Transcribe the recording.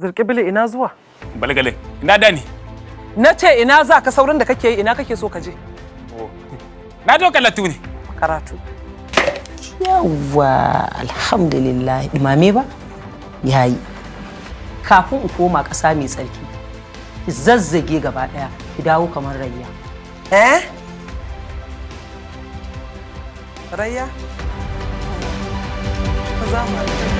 Zirƙibili ina zuwa? Balgale, ina da ni. Na ce ina za ka saurin da kake yi ina kake so ka je? Oh. Na zo kalatu ne. Karatu. Yawwa, alhamdulillah, imame ba? Yayi. Kafin in koma ƙasa mai tsarki, ki zazzage gaba ɗaya, ki dawo kamar rayya. Eh? Rayya? Ka mu